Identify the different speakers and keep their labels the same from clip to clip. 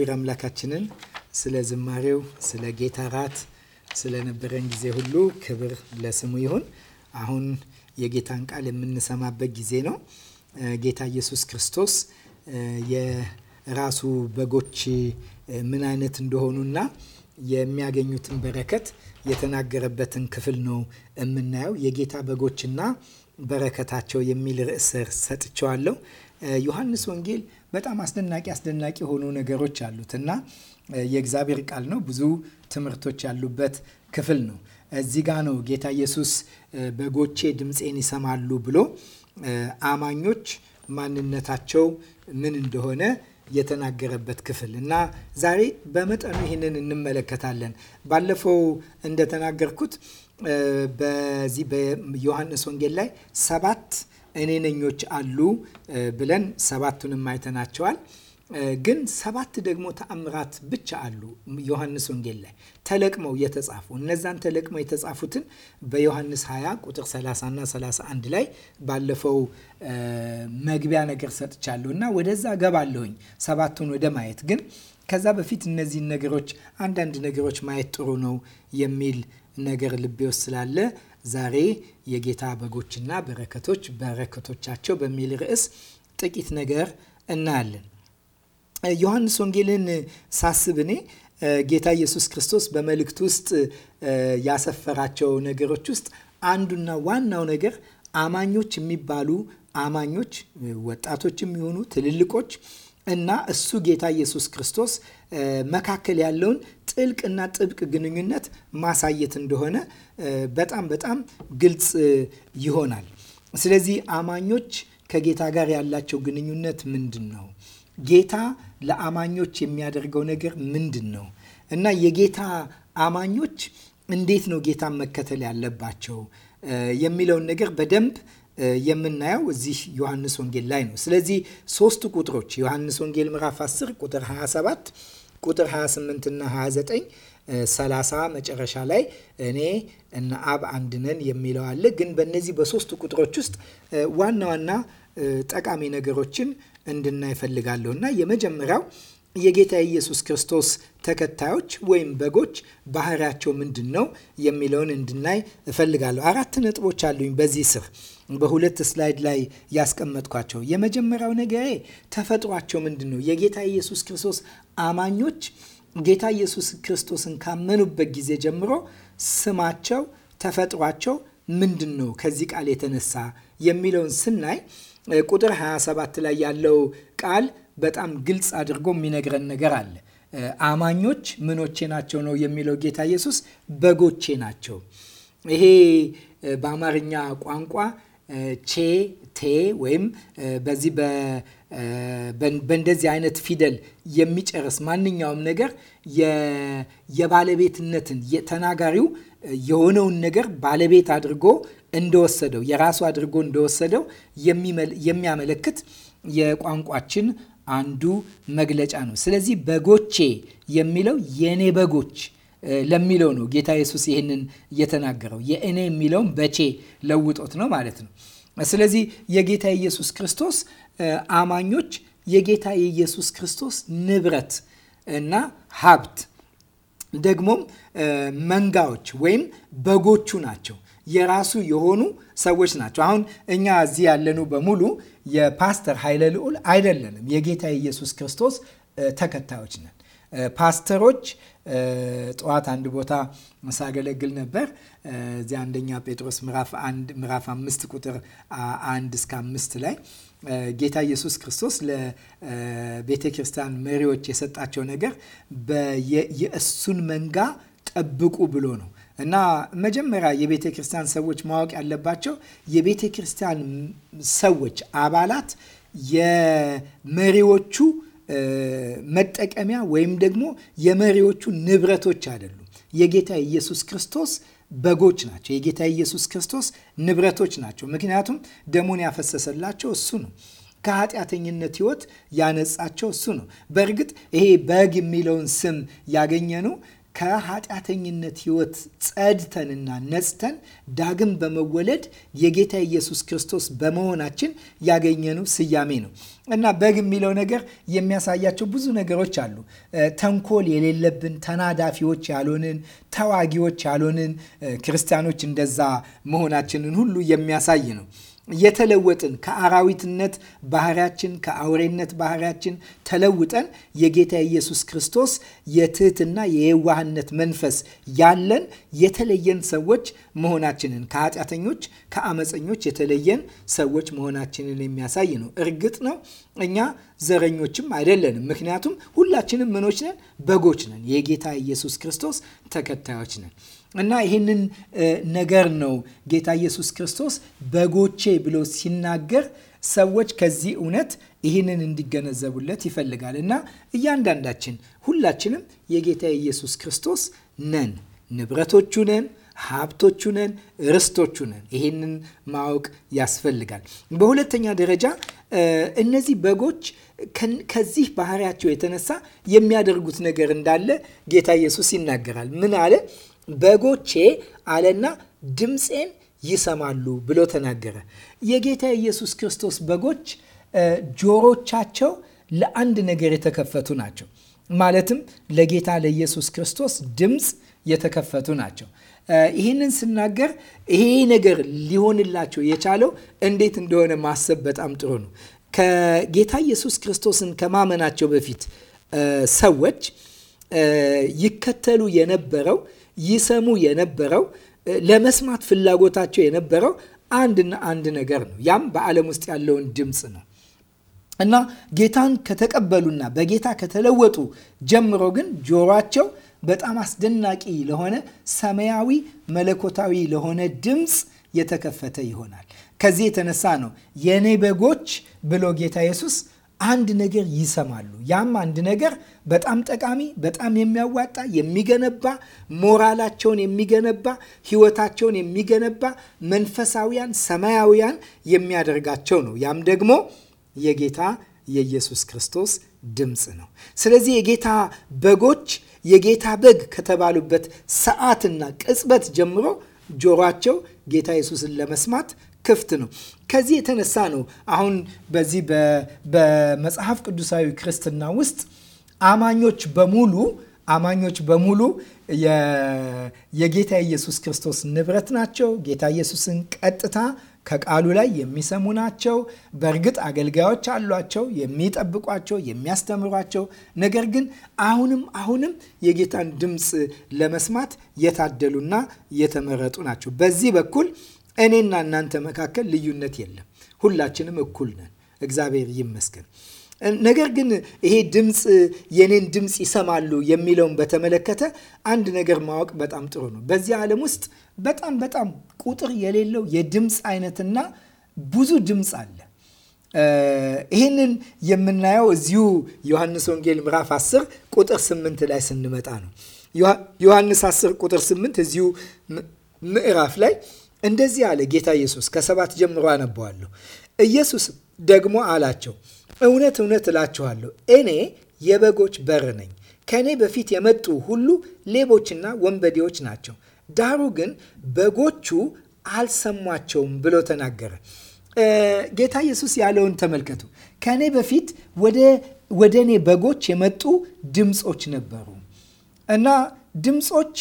Speaker 1: እግዚአብሔር አምላካችንን ስለ ዝማሬው፣ ስለ ጌታ ራት ስለነበረን ጊዜ ሁሉ ክብር ለስሙ ይሁን። አሁን የጌታን ቃል የምንሰማበት ጊዜ ነው። ጌታ ኢየሱስ ክርስቶስ የራሱ በጎች ምን አይነት እንደሆኑና የሚያገኙትን በረከት የተናገረበትን ክፍል ነው የምናየው። የጌታ በጎችና በረከታቸው የሚል ርዕስ ሰጥቸዋለሁ። ዮሐንስ ወንጌል በጣም አስደናቂ አስደናቂ የሆኑ ነገሮች አሉት እና የእግዚአብሔር ቃል ነው። ብዙ ትምህርቶች ያሉበት ክፍል ነው። እዚህ ጋ ነው ጌታ ኢየሱስ በጎቼ ድምፄን ይሰማሉ ብሎ አማኞች ማንነታቸው ምን እንደሆነ የተናገረበት ክፍል እና ዛሬ በመጠኑ ይህንን እንመለከታለን። ባለፈው እንደተናገርኩት በዚህ በዮሐንስ ወንጌል ላይ ሰባት እኔነኞች አሉ ብለን ሰባቱንም አይተናቸዋል። ግን ሰባት ደግሞ ተአምራት ብቻ አሉ ዮሐንስ ወንጌል ላይ ተለቅመው የተጻፉ እነዛን ተለቅመው የተጻፉትን በዮሐንስ 20 ቁጥር 30 እና 31 ላይ ባለፈው መግቢያ ነገር ሰጥቻለሁ እና ወደዛ ገባለሁኝ ሰባቱን ወደ ማየት ግን ከዛ በፊት እነዚህን ነገሮች አንዳንድ ነገሮች ማየት ጥሩ ነው የሚል ነገር ልቤ ውስጥ ስላለ ዛሬ የጌታ በጎችና በረከቶች በረከቶቻቸው በሚል ርዕስ ጥቂት ነገር እናያለን። ዮሐንስ ወንጌልን ሳስብ እኔ ጌታ ኢየሱስ ክርስቶስ በመልእክት ውስጥ ያሰፈራቸው ነገሮች ውስጥ አንዱና ዋናው ነገር አማኞች የሚባሉ አማኞች ወጣቶች የሚሆኑ ትልልቆች እና እሱ ጌታ ኢየሱስ ክርስቶስ መካከል ያለውን ጥልቅና ጥብቅ ግንኙነት ማሳየት እንደሆነ በጣም በጣም ግልጽ ይሆናል። ስለዚህ አማኞች ከጌታ ጋር ያላቸው ግንኙነት ምንድን ነው? ጌታ ለአማኞች የሚያደርገው ነገር ምንድን ነው? እና የጌታ አማኞች እንዴት ነው ጌታን መከተል ያለባቸው የሚለውን ነገር በደንብ የምናየው እዚህ ዮሐንስ ወንጌል ላይ ነው። ስለዚህ ሶስት ቁጥሮች ዮሐንስ ወንጌል ምዕራፍ 10 ቁጥር 27 ቁጥር 28 እና 29 30 መጨረሻ ላይ እኔ እና አብ አንድ ነን የሚለው አለ። ግን በእነዚህ በሶስቱ ቁጥሮች ውስጥ ዋና ዋና ጠቃሚ ነገሮችን እንድናይ እፈልጋለሁ እና የመጀመሪያው የጌታ ኢየሱስ ክርስቶስ ተከታዮች ወይም በጎች ባህሪያቸው ምንድን ነው የሚለውን እንድናይ እፈልጋለሁ። አራት ነጥቦች አሉኝ በዚህ ስር በሁለት ስላይድ ላይ ያስቀመጥኳቸው። የመጀመሪያው ነገሬ ተፈጥሯቸው ምንድን ነው? የጌታ ኢየሱስ ክርስቶስ አማኞች ጌታ ኢየሱስ ክርስቶስን ካመኑበት ጊዜ ጀምሮ ስማቸው፣ ተፈጥሯቸው ምንድን ነው ከዚህ ቃል የተነሳ የሚለውን ስናይ ቁጥር 27 ላይ ያለው ቃል በጣም ግልጽ አድርጎ የሚነግረን ነገር አለ። አማኞች ምኖቼ ናቸው ነው የሚለው ጌታ ኢየሱስ በጎቼ ናቸው። ይሄ በአማርኛ ቋንቋ ቼ ቴ ወይም በዚህ በእንደዚህ አይነት ፊደል የሚጨርስ ማንኛውም ነገር የባለቤትነትን የተናጋሪው የሆነውን ነገር ባለቤት አድርጎ እንደወሰደው የራሱ አድርጎ እንደወሰደው የሚያመለክት የቋንቋችን አንዱ መግለጫ ነው። ስለዚህ በጎቼ የሚለው የኔ በጎች ለሚለው ነው ጌታ ኢየሱስ ይህንን እየተናገረው የእኔ የሚለውን በቼ ለውጦት ነው ማለት ነው። ስለዚህ የጌታ ኢየሱስ ክርስቶስ አማኞች የጌታ የኢየሱስ ክርስቶስ ንብረት እና ሀብት ደግሞም መንጋዎች ወይም በጎቹ ናቸው። የራሱ የሆኑ ሰዎች ናቸው። አሁን እኛ እዚህ ያለኑ በሙሉ የፓስተር ኃይለ ልዑል አይደለንም። የጌታ ኢየሱስ ክርስቶስ ተከታዮች ነን። ፓስተሮች ጠዋት አንድ ቦታ ሳገለግል ነበር። እዚህ አንደኛ ጴጥሮስ ምዕራፍ አንድ ምዕራፍ አምስት ቁጥር አንድ እስከ አምስት ላይ ጌታ ኢየሱስ ክርስቶስ ለቤተ ክርስቲያን መሪዎች የሰጣቸው ነገር የእሱን መንጋ ጠብቁ ብሎ ነው እና መጀመሪያ የቤተ ክርስቲያን ሰዎች ማወቅ ያለባቸው የቤተ ክርስቲያን ሰዎች አባላት የመሪዎቹ መጠቀሚያ ወይም ደግሞ የመሪዎቹ ንብረቶች አይደሉም። የጌታ ኢየሱስ ክርስቶስ በጎች ናቸው። የጌታ ኢየሱስ ክርስቶስ ንብረቶች ናቸው። ምክንያቱም ደሙን ያፈሰሰላቸው እሱ ነው። ከኃጢአተኝነት ሕይወት ያነጻቸው እሱ ነው። በእርግጥ ይሄ በግ የሚለውን ስም ያገኘነው ከኃጢአተኝነት ሕይወት ጸድተንና ነጽተን ዳግም በመወለድ የጌታ ኢየሱስ ክርስቶስ በመሆናችን ያገኘነው ስያሜ ነው። እና በግ የሚለው ነገር የሚያሳያቸው ብዙ ነገሮች አሉ። ተንኮል የሌለብን፣ ተናዳፊዎች ያልሆንን፣ ተዋጊዎች ያልሆንን ክርስቲያኖች እንደዛ መሆናችንን ሁሉ የሚያሳይ ነው። የተለወጥን ከአራዊትነት ባህሪያችን ከአውሬነት ባህሪያችን ተለውጠን የጌታ ኢየሱስ ክርስቶስ የትህትና የየዋህነት መንፈስ ያለን የተለየን ሰዎች መሆናችንን ከኃጢአተኞች ከአመፀኞች የተለየን ሰዎች መሆናችንን የሚያሳይ ነው። እርግጥ ነው እኛ ዘረኞችም አይደለንም። ምክንያቱም ሁላችንም ምኖች ነን፣ በጎች ነን። የጌታ ኢየሱስ ክርስቶስ ተከታዮች ነን። እና ይህንን ነገር ነው ጌታ ኢየሱስ ክርስቶስ በጎቼ ብሎ ሲናገር ሰዎች ከዚህ እውነት ይህንን እንዲገነዘቡለት ይፈልጋል። እና እያንዳንዳችን ሁላችንም የጌታ ኢየሱስ ክርስቶስ ነን፣ ንብረቶቹ ነን፣ ሀብቶቹ ነን፣ ርስቶቹ ነን። ይህንን ማወቅ ያስፈልጋል። በሁለተኛ ደረጃ እነዚህ በጎች ከዚህ ባህሪያቸው የተነሳ የሚያደርጉት ነገር እንዳለ ጌታ ኢየሱስ ይናገራል። ምን አለ? በጎቼ አለና ድምፄን ይሰማሉ ብሎ ተናገረ። የጌታ ኢየሱስ ክርስቶስ በጎች ጆሮቻቸው ለአንድ ነገር የተከፈቱ ናቸው። ማለትም ለጌታ ለኢየሱስ ክርስቶስ ድምፅ የተከፈቱ ናቸው። ይህንን ስናገር ይሄ ነገር ሊሆንላቸው የቻለው እንዴት እንደሆነ ማሰብ በጣም ጥሩ ነው። ከጌታ ኢየሱስ ክርስቶስን ከማመናቸው በፊት ሰዎች ይከተሉ የነበረው ይሰሙ የነበረው ለመስማት ፍላጎታቸው የነበረው አንድና አንድ ነገር ነው። ያም በዓለም ውስጥ ያለውን ድምፅ ነው እና ጌታን ከተቀበሉና በጌታ ከተለወጡ ጀምሮ ግን ጆሯቸው በጣም አስደናቂ ለሆነ ሰማያዊ መለኮታዊ ለሆነ ድምፅ የተከፈተ ይሆናል። ከዚህ የተነሳ ነው የኔ በጎች ብሎ ጌታ ኢየሱስ አንድ ነገር ይሰማሉ። ያም አንድ ነገር በጣም ጠቃሚ፣ በጣም የሚያዋጣ፣ የሚገነባ፣ ሞራላቸውን የሚገነባ፣ ህይወታቸውን የሚገነባ፣ መንፈሳውያን ሰማያውያን የሚያደርጋቸው ነው። ያም ደግሞ የጌታ የኢየሱስ ክርስቶስ ድምፅ ነው። ስለዚህ የጌታ በጎች የጌታ በግ ከተባሉበት ሰዓትና ቅጽበት ጀምሮ ጆሯቸው ጌታ ኢየሱስን ለመስማት ክፍት ነው። ከዚህ የተነሳ ነው አሁን በዚህ በመጽሐፍ ቅዱሳዊ ክርስትና ውስጥ አማኞች በሙሉ አማኞች በሙሉ የጌታ ኢየሱስ ክርስቶስ ንብረት ናቸው። ጌታ ኢየሱስን ቀጥታ ከቃሉ ላይ የሚሰሙ ናቸው። በእርግጥ አገልጋዮች አሏቸው፣ የሚጠብቋቸው፣ የሚያስተምሯቸው። ነገር ግን አሁንም አሁንም የጌታን ድምፅ ለመስማት የታደሉና የተመረጡ ናቸው። በዚህ በኩል እኔና እናንተ መካከል ልዩነት የለም። ሁላችንም እኩል ነን። እግዚአብሔር ይመስገን። ነገር ግን ይሄ ድምፅ የኔን ድምፅ ይሰማሉ የሚለውን በተመለከተ አንድ ነገር ማወቅ በጣም ጥሩ ነው። በዚህ ዓለም ውስጥ በጣም በጣም ቁጥር የሌለው የድምፅ አይነትና ብዙ ድምፅ አለ። ይህንን የምናየው እዚሁ ዮሐንስ ወንጌል ምዕራፍ 10 ቁጥር 8 ላይ ስንመጣ ነው። ዮሐንስ 10 ቁጥር 8 እዚሁ ምዕራፍ ላይ እንደዚህ አለ ጌታ ኢየሱስ። ከሰባት ጀምሮ አነበዋለሁ። ኢየሱስ ደግሞ አላቸው፣ እውነት እውነት እላችኋለሁ እኔ የበጎች በር ነኝ። ከእኔ በፊት የመጡ ሁሉ ሌቦችና ወንበዴዎች ናቸው፣ ዳሩ ግን በጎቹ አልሰሟቸውም ብሎ ተናገረ። ጌታ ኢየሱስ ያለውን ተመልከቱ። ከእኔ በፊት ወደ እኔ በጎች የመጡ ድምፆች ነበሩ እና ድምፆች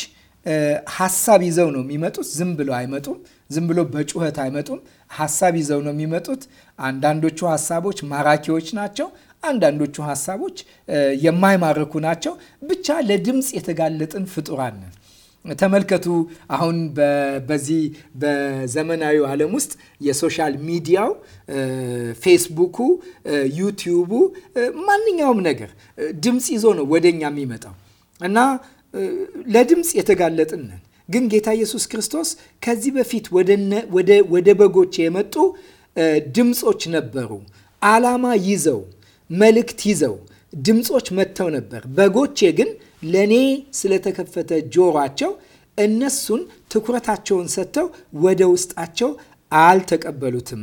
Speaker 1: ሀሳብ ይዘው ነው የሚመጡት። ዝም ብሎ አይመጡም። ዝም ብሎ በጩኸት አይመጡም። ሀሳብ ይዘው ነው የሚመጡት። አንዳንዶቹ ሀሳቦች ማራኪዎች ናቸው። አንዳንዶቹ ሀሳቦች የማይማርኩ ናቸው። ብቻ ለድምፅ የተጋለጥን ፍጡራን ነን። ተመልከቱ። አሁን በዚህ በዘመናዊ ዓለም ውስጥ የሶሻል ሚዲያው፣ ፌስቡኩ፣ ዩቲዩቡ ማንኛውም ነገር ድምፅ ይዞ ነው ወደኛ የሚመጣው እና ለድምፅ የተጋለጥንን ግን ጌታ ኢየሱስ ክርስቶስ ከዚህ በፊት ወደ በጎች የመጡ ድምፆች ነበሩ። ዓላማ ይዘው መልእክት ይዘው ድምፆች መጥተው ነበር። በጎቼ ግን ለእኔ ስለተከፈተ ጆሯቸው እነሱን ትኩረታቸውን ሰጥተው ወደ ውስጣቸው አልተቀበሉትም፣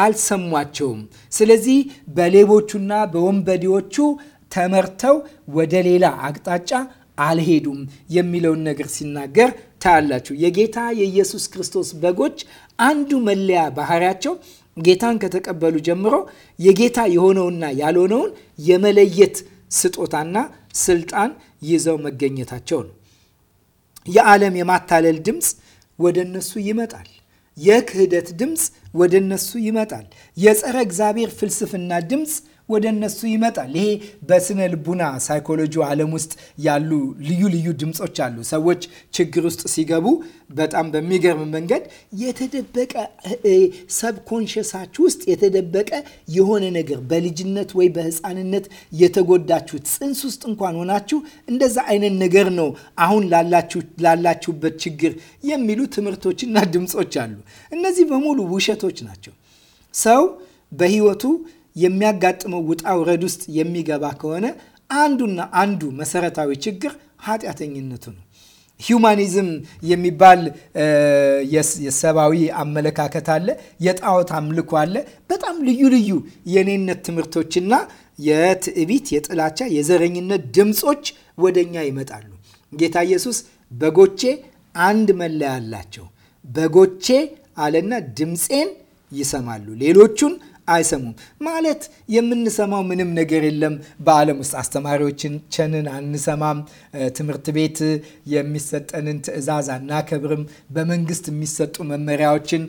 Speaker 1: አልሰሟቸውም። ስለዚህ በሌቦቹና በወንበዴዎቹ ተመርተው ወደ ሌላ አቅጣጫ አልሄዱም የሚለውን ነገር ሲናገር ታያላችሁ። የጌታ የኢየሱስ ክርስቶስ በጎች አንዱ መለያ ባህሪያቸው ጌታን ከተቀበሉ ጀምሮ የጌታ የሆነውና ያልሆነውን የመለየት ስጦታና ስልጣን ይዘው መገኘታቸው ነው። የዓለም የማታለል ድምፅ ወደ እነሱ ይመጣል። የክህደት ድምፅ ወደ እነሱ ይመጣል። የጸረ እግዚአብሔር ፍልስፍና ድምፅ ወደ እነሱ ይመጣል። ይሄ በስነ ልቡና ሳይኮሎጂ ዓለም ውስጥ ያሉ ልዩ ልዩ ድምፆች አሉ። ሰዎች ችግር ውስጥ ሲገቡ በጣም በሚገርም መንገድ የተደበቀ ሰብኮንሽሳችሁ ውስጥ የተደበቀ የሆነ ነገር በልጅነት ወይ በህፃንነት የተጎዳችሁት ጽንስ ውስጥ እንኳን ሆናችሁ እንደዛ አይነት ነገር ነው አሁን ላላችሁበት ችግር የሚሉ ትምህርቶችና ድምፆች አሉ። እነዚህ በሙሉ ውሸቶች ናቸው። ሰው በህይወቱ የሚያጋጥመው ውጣ ውረድ ውስጥ የሚገባ ከሆነ አንዱና አንዱ መሰረታዊ ችግር ኃጢአተኝነቱ ነው። ሂዩማኒዝም የሚባል የሰብአዊ አመለካከት አለ። የጣዖት አምልኮ አለ። በጣም ልዩ ልዩ የኔነት ትምህርቶችና የትዕቢት፣ የጥላቻ፣ የዘረኝነት ድምፆች ወደኛ ይመጣሉ። ጌታ ኢየሱስ በጎቼ አንድ መለያ አላቸው፣ በጎቼ አለና ድምፄን ይሰማሉ፣ ሌሎቹን አይሰሙም። ማለት የምንሰማው ምንም ነገር የለም በዓለም ውስጥ አስተማሪዎችን ቸንን አንሰማም። ትምህርት ቤት የሚሰጠንን ትዕዛዝ አናከብርም። በመንግስት የሚሰጡ መመሪያዎችን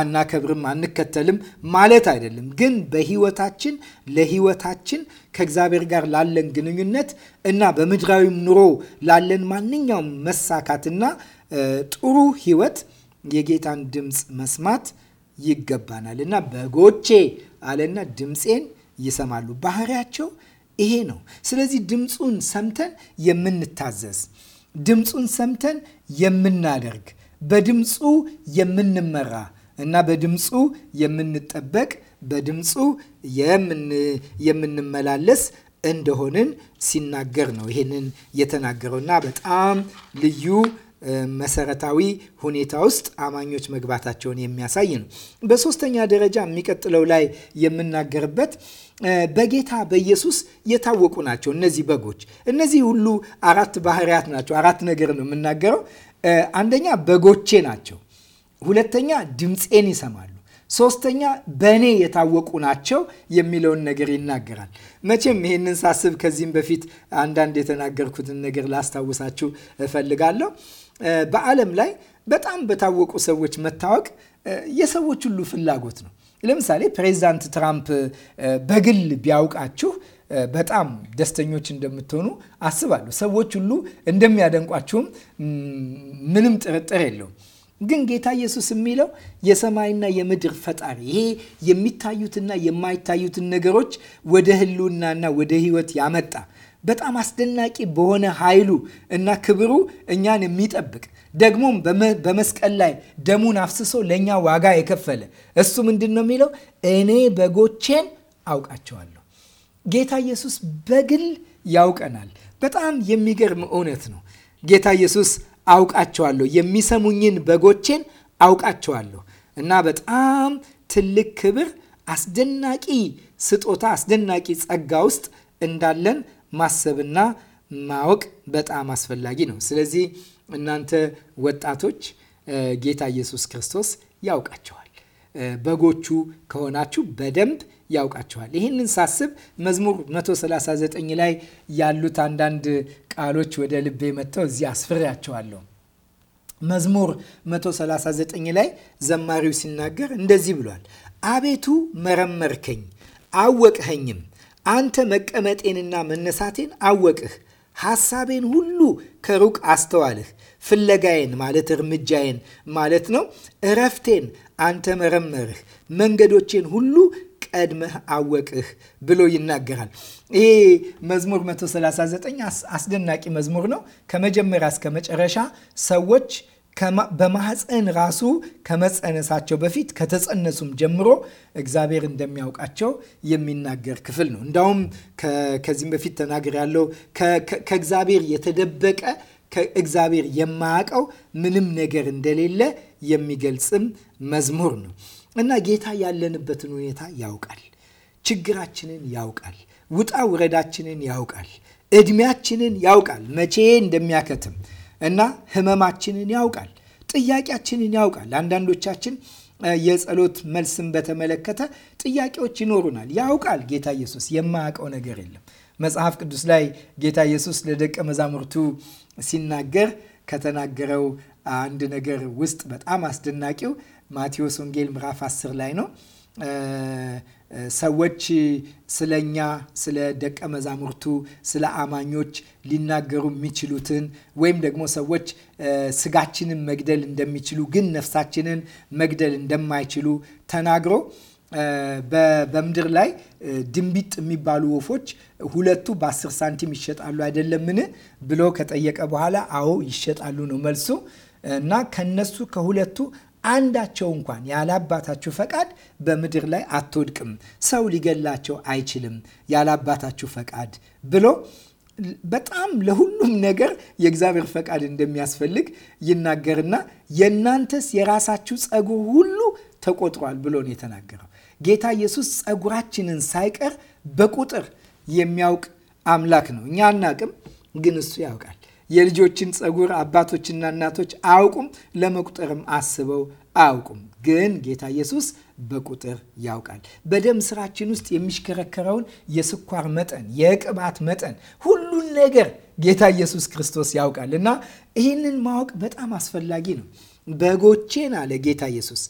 Speaker 1: አናከብርም፣ አንከተልም ማለት አይደለም። ግን በህይወታችን ለህይወታችን ከእግዚአብሔር ጋር ላለን ግንኙነት እና በምድራዊም ኑሮ ላለን ማንኛውም መሳካትና ጥሩ ህይወት የጌታን ድምፅ መስማት ይገባናል እና በጎቼ አለና ድምፄን ይሰማሉ። ባህሪያቸው ይሄ ነው። ስለዚህ ድምፁን ሰምተን የምንታዘዝ፣ ድምፁን ሰምተን የምናደርግ፣ በድምፁ የምንመራ እና በድምፁ የምንጠበቅ፣ በድምፁ የምንመላለስ እንደሆንን ሲናገር ነው ይሄንን የተናገረው እና በጣም ልዩ መሰረታዊ ሁኔታ ውስጥ አማኞች መግባታቸውን የሚያሳይ ነው። በሶስተኛ ደረጃ የሚቀጥለው ላይ የምናገርበት በጌታ በኢየሱስ የታወቁ ናቸው እነዚህ በጎች። እነዚህ ሁሉ አራት ባህሪያት ናቸው። አራት ነገር ነው የምናገረው። አንደኛ በጎቼ ናቸው። ሁለተኛ ድምፄን ይሰማሉ። ሶስተኛ በእኔ የታወቁ ናቸው የሚለውን ነገር ይናገራል። መቼም ይህንን ሳስብ ከዚህም በፊት አንዳንድ የተናገርኩትን ነገር ላስታውሳችሁ እፈልጋለሁ። በዓለም ላይ በጣም በታወቁ ሰዎች መታወቅ የሰዎች ሁሉ ፍላጎት ነው። ለምሳሌ ፕሬዚዳንት ትራምፕ በግል ቢያውቃችሁ በጣም ደስተኞች እንደምትሆኑ አስባለሁ። ሰዎች ሁሉ እንደሚያደንቋችሁም ምንም ጥርጥር የለውም። ግን ጌታ ኢየሱስ የሚለው የሰማይና የምድር ፈጣሪ ይሄ የሚታዩትና የማይታዩትን ነገሮች ወደ ህልውናና ወደ ህይወት ያመጣ በጣም አስደናቂ በሆነ ኃይሉ እና ክብሩ እኛን የሚጠብቅ ደግሞም በመስቀል ላይ ደሙን አፍስሶ ለእኛ ዋጋ የከፈለ እሱ ምንድን ነው የሚለው? እኔ በጎቼን አውቃቸዋለሁ። ጌታ ኢየሱስ በግል ያውቀናል። በጣም የሚገርም እውነት ነው። ጌታ ኢየሱስ አውቃቸዋለሁ፣ የሚሰሙኝን በጎቼን አውቃቸዋለሁ እና በጣም ትልቅ ክብር፣ አስደናቂ ስጦታ፣ አስደናቂ ጸጋ ውስጥ እንዳለን ማሰብና ማወቅ በጣም አስፈላጊ ነው። ስለዚህ እናንተ ወጣቶች ጌታ ኢየሱስ ክርስቶስ ያውቃቸዋል። በጎቹ ከሆናችሁ በደንብ ያውቃቸዋል። ይህንን ሳስብ መዝሙር 139 ላይ ያሉት አንዳንድ ቃሎች ወደ ልቤ መጥተው እዚህ አስፍሬያቸዋለሁ። መዝሙር 139 ላይ ዘማሪው ሲናገር እንደዚህ ብሏል። አቤቱ መረመርከኝ አወቅኸኝም አንተ መቀመጤንና መነሳቴን አወቅህ፣ ሐሳቤን ሁሉ ከሩቅ አስተዋልህ። ፍለጋዬን ማለት እርምጃዬን ማለት ነው። እረፍቴን አንተ መረመርህ፣ መንገዶቼን ሁሉ ቀድመህ አወቅህ ብሎ ይናገራል። ይሄ መዝሙር 139 አስደናቂ መዝሙር ነው። ከመጀመሪያ እስከ መጨረሻ ሰዎች በማህፀን ራሱ ከመፀነሳቸው በፊት ከተፀነሱም ጀምሮ እግዚአብሔር እንደሚያውቃቸው የሚናገር ክፍል ነው። እንዳውም ከዚህም በፊት ተናገር ያለው ከእግዚአብሔር የተደበቀ ከእግዚአብሔር የማያውቀው ምንም ነገር እንደሌለ የሚገልጽም መዝሙር ነው እና ጌታ ያለንበትን ሁኔታ ያውቃል። ችግራችንን ያውቃል። ውጣ ውረዳችንን ያውቃል። እድሜያችንን ያውቃል። መቼ እንደሚያከትም እና ህመማችንን ያውቃል፣ ጥያቄያችንን ያውቃል። አንዳንዶቻችን የጸሎት መልስን በተመለከተ ጥያቄዎች ይኖሩናል። ያውቃል ጌታ ኢየሱስ የማያውቀው ነገር የለም። መጽሐፍ ቅዱስ ላይ ጌታ ኢየሱስ ለደቀ መዛሙርቱ ሲናገር ከተናገረው አንድ ነገር ውስጥ በጣም አስደናቂው ማቴዎስ ወንጌል ምዕራፍ 10 ላይ ነው ሰዎች ስለኛ ስለ ደቀ መዛሙርቱ ስለ አማኞች ሊናገሩ የሚችሉትን ወይም ደግሞ ሰዎች ስጋችንን መግደል እንደሚችሉ ግን ነፍሳችንን መግደል እንደማይችሉ ተናግሮ በምድር ላይ ድንቢጥ የሚባሉ ወፎች ሁለቱ በ10 ሳንቲም ይሸጣሉ አይደለምን? ብሎ ከጠየቀ በኋላ አዎ ይሸጣሉ ነው መልሱ። እና ከነሱ ከሁለቱ አንዳቸው እንኳን ያለ አባታችሁ ፈቃድ በምድር ላይ አትወድቅም፣ ሰው ሊገላቸው አይችልም ያለ አባታችሁ ፈቃድ ብሎ በጣም ለሁሉም ነገር የእግዚአብሔር ፈቃድ እንደሚያስፈልግ ይናገርና የእናንተስ የራሳችሁ ጸጉር ሁሉ ተቆጥሯል ብሎ ነው የተናገረው። ጌታ ኢየሱስ ጸጉራችንን ሳይቀር በቁጥር የሚያውቅ አምላክ ነው። እኛ አናቅም፣ ግን እሱ ያውቃል። የልጆችን ጸጉር አባቶችና እናቶች አያውቁም፣ ለመቁጠርም አስበው አያውቁም። ግን ጌታ ኢየሱስ በቁጥር ያውቃል። በደም ስራችን ውስጥ የሚሽከረከረውን የስኳር መጠን፣ የቅባት መጠን፣ ሁሉን ነገር ጌታ ኢየሱስ ክርስቶስ ያውቃል እና ይህንን ማወቅ በጣም አስፈላጊ ነው። በጎቼን አለ ጌታ ኢየሱስ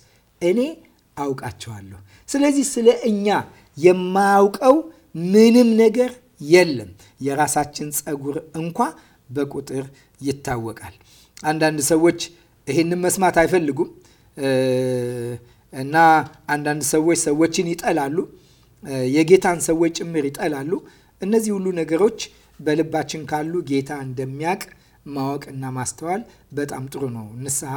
Speaker 1: እኔ አውቃቸዋለሁ። ስለዚህ ስለ እኛ የማያውቀው ምንም ነገር የለም። የራሳችን ጸጉር እንኳ በቁጥር ይታወቃል። አንዳንድ ሰዎች ይህንን መስማት አይፈልጉም እና አንዳንድ ሰዎች ሰዎችን ይጠላሉ፣ የጌታን ሰዎች ጭምር ይጠላሉ። እነዚህ ሁሉ ነገሮች በልባችን ካሉ ጌታ እንደሚያውቅ ማወቅ እና ማስተዋል በጣም ጥሩ ነው። ንስሐ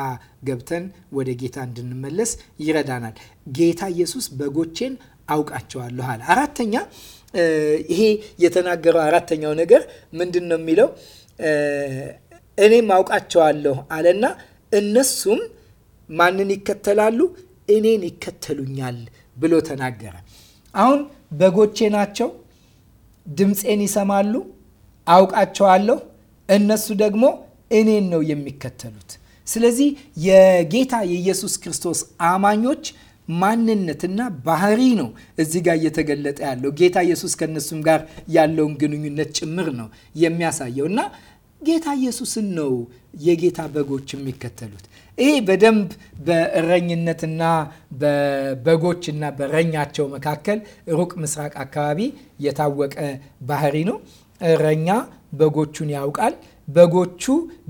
Speaker 1: ገብተን ወደ ጌታ እንድንመለስ ይረዳናል። ጌታ ኢየሱስ በጎቼን አውቃቸዋለሁ አለ። አራተኛ ይሄ የተናገረው አራተኛው ነገር ምንድን ነው የሚለው? እኔም አውቃቸዋለሁ አለና እነሱም ማንን ይከተላሉ? እኔን ይከተሉኛል ብሎ ተናገረ። አሁን በጎቼ ናቸው፣ ድምፄን ይሰማሉ፣ አውቃቸዋለሁ። እነሱ ደግሞ እኔን ነው የሚከተሉት። ስለዚህ የጌታ የኢየሱስ ክርስቶስ አማኞች ማንነትና ባህሪ ነው እዚህ ጋር እየተገለጠ ያለው ጌታ ኢየሱስ ከእነሱም ጋር ያለውን ግንኙነት ጭምር ነው የሚያሳየው እና ጌታ ኢየሱስን ነው የጌታ በጎች የሚከተሉት። ይሄ በደንብ በእረኝነትና በበጎችና በእረኛቸው መካከል ሩቅ ምስራቅ አካባቢ የታወቀ ባህሪ ነው። እረኛ በጎቹን ያውቃል። በጎቹ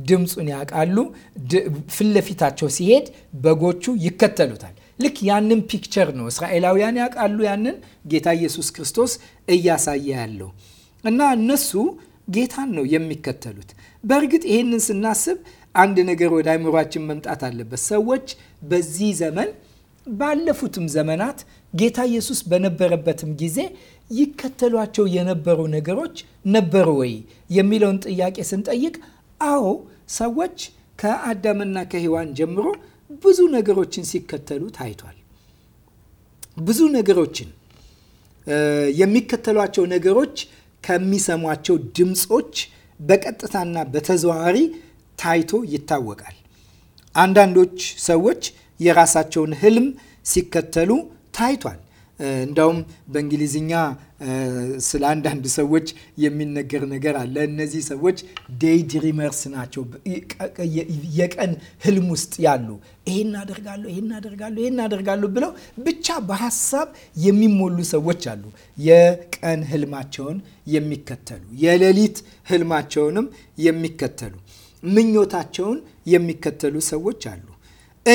Speaker 1: ድምፁን ያውቃሉ። ፊት ለፊታቸው ሲሄድ በጎቹ ይከተሉታል። ልክ ያንን ፒክቸር ነው እስራኤላውያን ያውቃሉ። ያንን ጌታ ኢየሱስ ክርስቶስ እያሳየ ያለው እና እነሱ ጌታን ነው የሚከተሉት። በእርግጥ ይህንን ስናስብ አንድ ነገር ወደ አይምሯችን መምጣት አለበት። ሰዎች በዚህ ዘመን ባለፉትም ዘመናት ጌታ ኢየሱስ በነበረበትም ጊዜ ይከተሏቸው የነበሩ ነገሮች ነበሩ ወይ የሚለውን ጥያቄ ስንጠይቅ፣ አዎ ሰዎች ከአዳምና ከሔዋን ጀምሮ ብዙ ነገሮችን ሲከተሉ ታይቷል። ብዙ ነገሮችን የሚከተሏቸው ነገሮች ከሚሰሟቸው ድምፆች በቀጥታና በተዘዋዋሪ ታይቶ ይታወቃል። አንዳንዶች ሰዎች የራሳቸውን ህልም ሲከተሉ ታይቷል። እንዳውም በእንግሊዝኛ ስለ አንዳንድ ሰዎች የሚነገር ነገር አለ። እነዚህ ሰዎች ዴይ ድሪመርስ ናቸው። የቀን ህልም ውስጥ ያሉ ይሄን አደርጋለሁ፣ ይሄን አደርጋለሁ፣ ይሄን አደርጋለሁ ብለው ብቻ በሀሳብ የሚሞሉ ሰዎች አሉ። የቀን ህልማቸውን የሚከተሉ የሌሊት ህልማቸውንም የሚከተሉ ምኞታቸውን የሚከተሉ ሰዎች አሉ።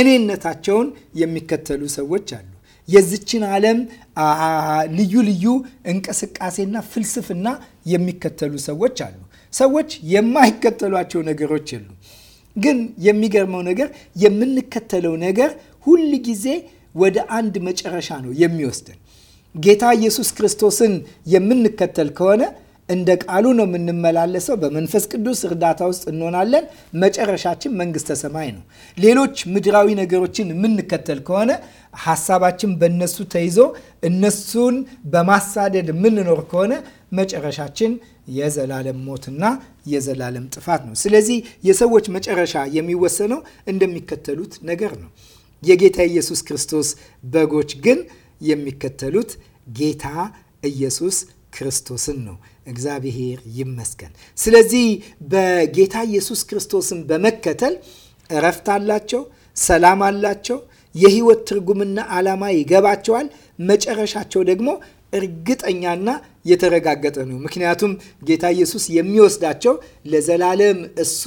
Speaker 1: እኔነታቸውን የሚከተሉ ሰዎች አሉ። የዝችን ዓለም ልዩ ልዩ እንቅስቃሴና ፍልስፍና የሚከተሉ ሰዎች አሉ። ሰዎች የማይከተሏቸው ነገሮች የሉ። ግን የሚገርመው ነገር የምንከተለው ነገር ሁል ጊዜ ወደ አንድ መጨረሻ ነው የሚወስድን። ጌታ ኢየሱስ ክርስቶስን የምንከተል ከሆነ እንደ ቃሉ ነው የምንመላለሰው። በመንፈስ ቅዱስ እርዳታ ውስጥ እንሆናለን። መጨረሻችን መንግስተ ሰማይ ነው። ሌሎች ምድራዊ ነገሮችን የምንከተል ከሆነ ሀሳባችን በእነሱ ተይዞ እነሱን በማሳደድ የምንኖር ከሆነ መጨረሻችን የዘላለም ሞትና የዘላለም ጥፋት ነው። ስለዚህ የሰዎች መጨረሻ የሚወሰነው እንደሚከተሉት ነገር ነው። የጌታ ኢየሱስ ክርስቶስ በጎች ግን የሚከተሉት ጌታ ኢየሱስ ክርስቶስን ነው። እግዚአብሔር ይመስገን። ስለዚህ በጌታ ኢየሱስ ክርስቶስን በመከተል እረፍት አላቸው፣ ሰላም አላቸው፣ የህይወት ትርጉምና ዓላማ ይገባቸዋል። መጨረሻቸው ደግሞ እርግጠኛና የተረጋገጠ ነው። ምክንያቱም ጌታ ኢየሱስ የሚወስዳቸው ለዘላለም እሱ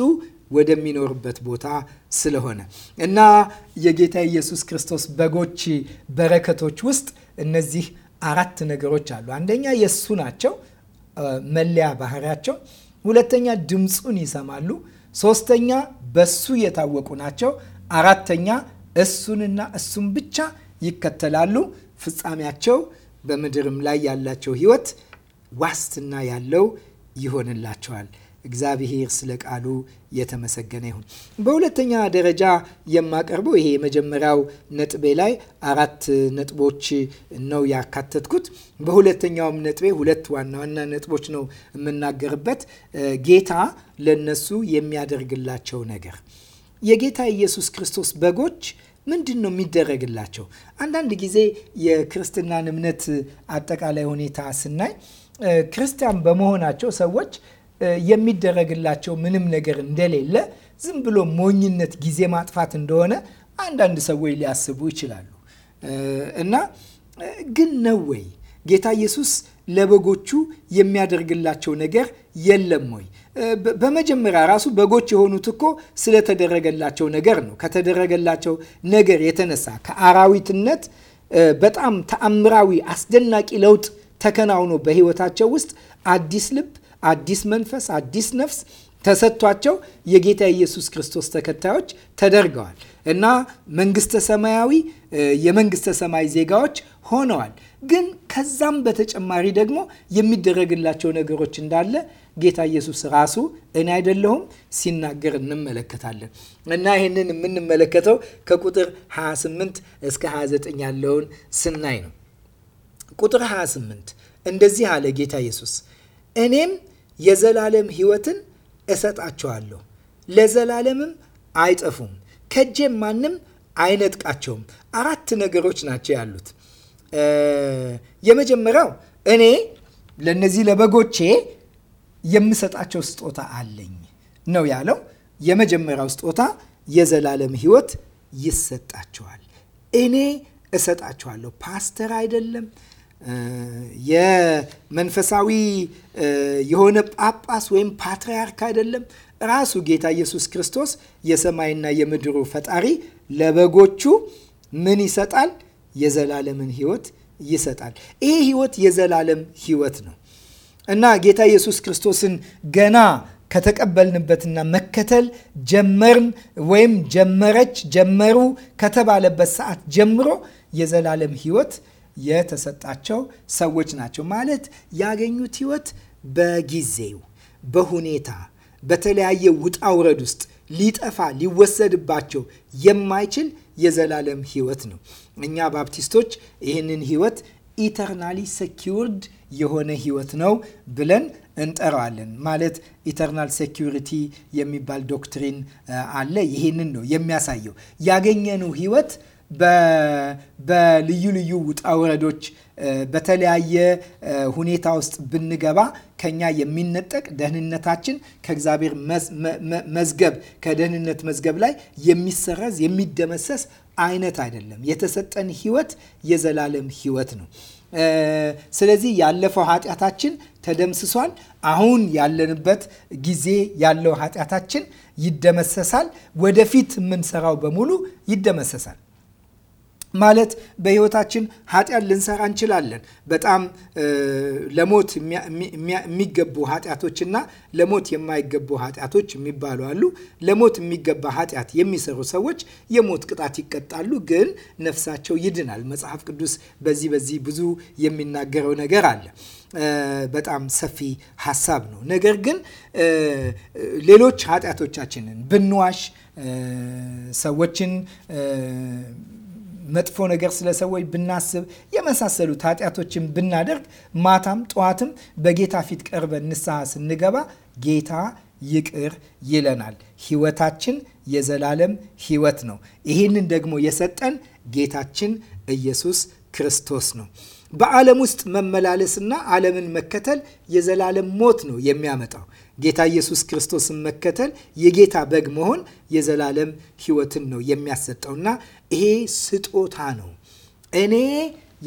Speaker 1: ወደሚኖርበት ቦታ ስለሆነ እና የጌታ ኢየሱስ ክርስቶስ በጎች በረከቶች ውስጥ እነዚህ አራት ነገሮች አሉ። አንደኛ የእሱ ናቸው መለያ ባህሪያቸው፣ ሁለተኛ ድምፁን ይሰማሉ፣ ሶስተኛ በሱ የታወቁ ናቸው፣ አራተኛ እሱንና እሱን ብቻ ይከተላሉ። ፍጻሜያቸው በምድርም ላይ ያላቸው ህይወት ዋስትና ያለው ይሆንላቸዋል። እግዚአብሔር ስለ ቃሉ የተመሰገነ ይሁን። በሁለተኛ ደረጃ የማቀርበው ይሄ የመጀመሪያው ነጥቤ ላይ አራት ነጥቦች ነው ያካተትኩት። በሁለተኛውም ነጥቤ ሁለት ዋና ዋና ነጥቦች ነው የምናገርበት። ጌታ ለነሱ የሚያደርግላቸው ነገር የጌታ ኢየሱስ ክርስቶስ በጎች ምንድን ነው የሚደረግላቸው? አንዳንድ ጊዜ የክርስትናን እምነት አጠቃላይ ሁኔታ ስናይ ክርስቲያን በመሆናቸው ሰዎች የሚደረግላቸው ምንም ነገር እንደሌለ ዝም ብሎ ሞኝነት ጊዜ ማጥፋት እንደሆነ አንዳንድ ሰዎች ሊያስቡ ይችላሉ። እና ግን ነው ወይ ጌታ ኢየሱስ ለበጎቹ የሚያደርግላቸው ነገር የለም ወይ? በመጀመሪያ ራሱ በጎች የሆኑት እኮ ስለተደረገላቸው ነገር ነው። ከተደረገላቸው ነገር የተነሳ ከአራዊትነት በጣም ተአምራዊ አስደናቂ ለውጥ ተከናውኖ በሕይወታቸው ውስጥ አዲስ ልብ አዲስ መንፈስ፣ አዲስ ነፍስ ተሰጥቷቸው የጌታ ኢየሱስ ክርስቶስ ተከታዮች ተደርገዋል እና መንግስተ ሰማያዊ የመንግስተ ሰማይ ዜጋዎች ሆነዋል። ግን ከዛም በተጨማሪ ደግሞ የሚደረግላቸው ነገሮች እንዳለ ጌታ ኢየሱስ ራሱ እኔ አይደለሁም ሲናገር እንመለከታለን እና ይህንን የምንመለከተው ከቁጥር 28 እስከ 29 ያለውን ስናይ ነው። ቁጥር 28 እንደዚህ አለ ጌታ ኢየሱስ እኔም የዘላለም ሕይወትን እሰጣቸዋለሁ፣ ለዘላለምም አይጠፉም፣ ከእጄም ማንም አይነጥቃቸውም። አራት ነገሮች ናቸው ያሉት። የመጀመሪያው እኔ ለነዚህ ለበጎቼ የምሰጣቸው ስጦታ አለኝ ነው ያለው። የመጀመሪያው ስጦታ የዘላለም ሕይወት ይሰጣቸዋል። እኔ እሰጣቸዋለሁ። ፓስተር አይደለም የመንፈሳዊ የሆነ ጳጳስ ወይም ፓትርያርክ አይደለም። ራሱ ጌታ ኢየሱስ ክርስቶስ የሰማይና የምድሩ ፈጣሪ ለበጎቹ ምን ይሰጣል? የዘላለምን ህይወት ይሰጣል። ይህ ህይወት የዘላለም ህይወት ነው እና ጌታ ኢየሱስ ክርስቶስን ገና ከተቀበልንበትና መከተል ጀመርን ወይም ጀመረች ጀመሩ ከተባለበት ሰዓት ጀምሮ የዘላለም ህይወት የተሰጣቸው ሰዎች ናቸው። ማለት ያገኙት ህይወት በጊዜው በሁኔታ በተለያየ ውጣ ውረድ ውስጥ ሊጠፋ ሊወሰድባቸው የማይችል የዘላለም ህይወት ነው። እኛ ባፕቲስቶች ይህንን ህይወት ኢተርናሊ ሴኪውርድ የሆነ ህይወት ነው ብለን እንጠራዋለን። ማለት ኢተርናል ሴኪውሪቲ የሚባል ዶክትሪን አለ። ይህንን ነው የሚያሳየው ያገኘነው ህይወት በልዩ ልዩ ውጣ ውረዶች በተለያየ ሁኔታ ውስጥ ብንገባ ከኛ የሚነጠቅ ደህንነታችን ከእግዚአብሔር መዝገብ ከደህንነት መዝገብ ላይ የሚሰረዝ የሚደመሰስ አይነት አይደለም። የተሰጠን ህይወት የዘላለም ህይወት ነው። ስለዚህ ያለፈው ኃጢአታችን ተደምስሷል። አሁን ያለንበት ጊዜ ያለው ኃጢአታችን ይደመሰሳል። ወደፊት የምንሰራው በሙሉ ይደመሰሳል። ማለት በህይወታችን ኃጢአት ልንሰራ እንችላለን። በጣም ለሞት የሚገቡ ኃጢአቶችና ለሞት የማይገቡ ኃጢአቶች የሚባሉ አሉ። ለሞት የሚገባ ኃጢአት የሚሰሩ ሰዎች የሞት ቅጣት ይቀጣሉ፣ ግን ነፍሳቸው ይድናል። መጽሐፍ ቅዱስ በዚህ በዚህ ብዙ የሚናገረው ነገር አለ። በጣም ሰፊ ሀሳብ ነው። ነገር ግን ሌሎች ኃጢአቶቻችንን ብንዋሽ ሰዎችን መጥፎ ነገር ስለ ሰዎች ብናስብ የመሳሰሉት ኃጢአቶችን ብናደርግ ማታም ጠዋትም በጌታ ፊት ቀርበን ንስሐ ስንገባ ጌታ ይቅር ይለናል። ህይወታችን የዘላለም ህይወት ነው። ይህንን ደግሞ የሰጠን ጌታችን ኢየሱስ ክርስቶስ ነው። በዓለም ውስጥ መመላለስና ዓለምን መከተል የዘላለም ሞት ነው የሚያመጣው። ጌታ ኢየሱስ ክርስቶስን መከተል የጌታ በግ መሆን የዘላለም ህይወትን ነው የሚያሰጠውና ይሄ ስጦታ ነው። እኔ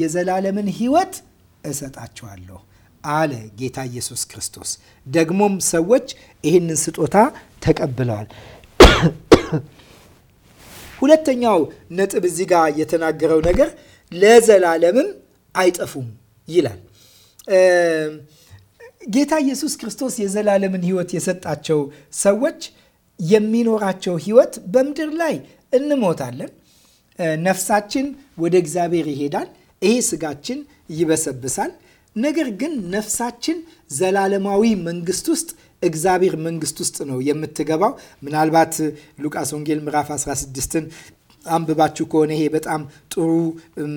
Speaker 1: የዘላለምን ሕይወት እሰጣቸዋለሁ አለ ጌታ ኢየሱስ ክርስቶስ። ደግሞም ሰዎች ይህንን ስጦታ ተቀብለዋል። ሁለተኛው ነጥብ እዚህ ጋር የተናገረው ነገር ለዘላለምም አይጠፉም ይላል። ጌታ ኢየሱስ ክርስቶስ የዘላለምን ህይወት የሰጣቸው ሰዎች የሚኖራቸው ህይወት በምድር ላይ እንሞታለን ነፍሳችን ወደ እግዚአብሔር ይሄዳል። ይሄ ስጋችን ይበሰብሳል። ነገር ግን ነፍሳችን ዘላለማዊ መንግስት ውስጥ እግዚአብሔር መንግስት ውስጥ ነው የምትገባው። ምናልባት ሉቃስ ወንጌል ምዕራፍ 16ን አንብባችሁ ከሆነ ይሄ በጣም ጥሩ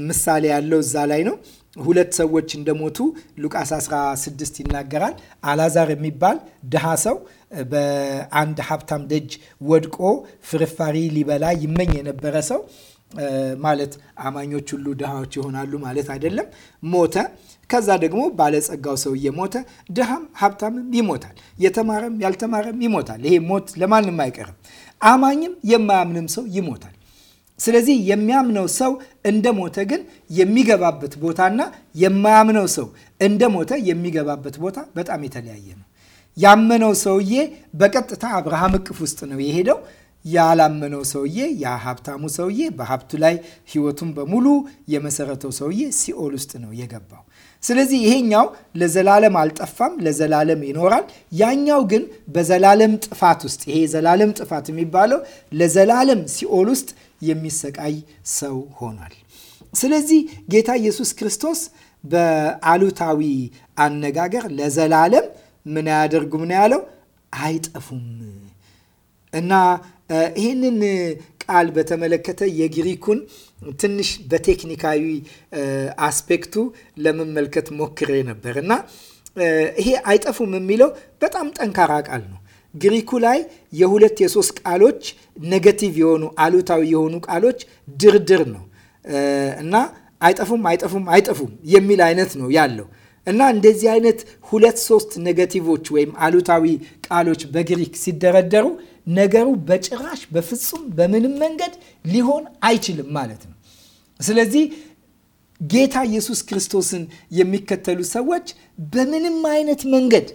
Speaker 1: ምሳሌ ያለው እዛ ላይ ነው። ሁለት ሰዎች እንደሞቱ ሉቃስ 16 ይናገራል። አላዛር የሚባል ድሃ ሰው በአንድ ሀብታም ደጅ ወድቆ ፍርፋሪ ሊበላ ይመኝ የነበረ ሰው ማለት አማኞች ሁሉ ድሃዎች ይሆናሉ ማለት አይደለም። ሞተ። ከዛ ደግሞ ባለጸጋው ሰውዬ ሞተ። ድሃም ሀብታምም ይሞታል። የተማረም ያልተማረም ይሞታል። ይሄ ሞት ለማንም አይቀርም። አማኝም የማያምንም ሰው ይሞታል። ስለዚህ የሚያምነው ሰው እንደ ሞተ ግን የሚገባበት ቦታና የማያምነው ሰው እንደ ሞተ የሚገባበት ቦታ በጣም የተለያየ ነው። ያመነው ሰውዬ በቀጥታ አብርሃም እቅፍ ውስጥ ነው የሄደው። ያላመነው ሰውዬ ያ ሀብታሙ ሰውዬ በሀብቱ ላይ ህይወቱን በሙሉ የመሰረተው ሰውዬ ሲኦል ውስጥ ነው የገባው። ስለዚህ ይሄኛው ለዘላለም አልጠፋም፣ ለዘላለም ይኖራል። ያኛው ግን በዘላለም ጥፋት ውስጥ ይሄ የዘላለም ጥፋት የሚባለው ለዘላለም ሲኦል ውስጥ የሚሰቃይ ሰው ሆኗል። ስለዚህ ጌታ ኢየሱስ ክርስቶስ በአሉታዊ አነጋገር ለዘላለም ምን አያደርጉም ነው ያለው አይጠፉም እና ይህንን ቃል በተመለከተ የግሪኩን ትንሽ በቴክኒካዊ አስፔክቱ ለመመልከት ሞክሬ ነበር እና ይሄ አይጠፉም የሚለው በጣም ጠንካራ ቃል ነው። ግሪኩ ላይ የሁለት የሶስት ቃሎች ኔጌቲቭ የሆኑ አሉታዊ የሆኑ ቃሎች ድርድር ነው እና አይጠፉም አይጠፉም አይጠፉም የሚል አይነት ነው ያለው እና እንደዚህ አይነት ሁለት ሶስት ኔጋቲቮች ወይም አሉታዊ ቃሎች በግሪክ ሲደረደሩ ነገሩ በጭራሽ በፍጹም በምንም መንገድ ሊሆን አይችልም ማለት ነው። ስለዚህ ጌታ ኢየሱስ ክርስቶስን የሚከተሉ ሰዎች በምንም አይነት መንገድ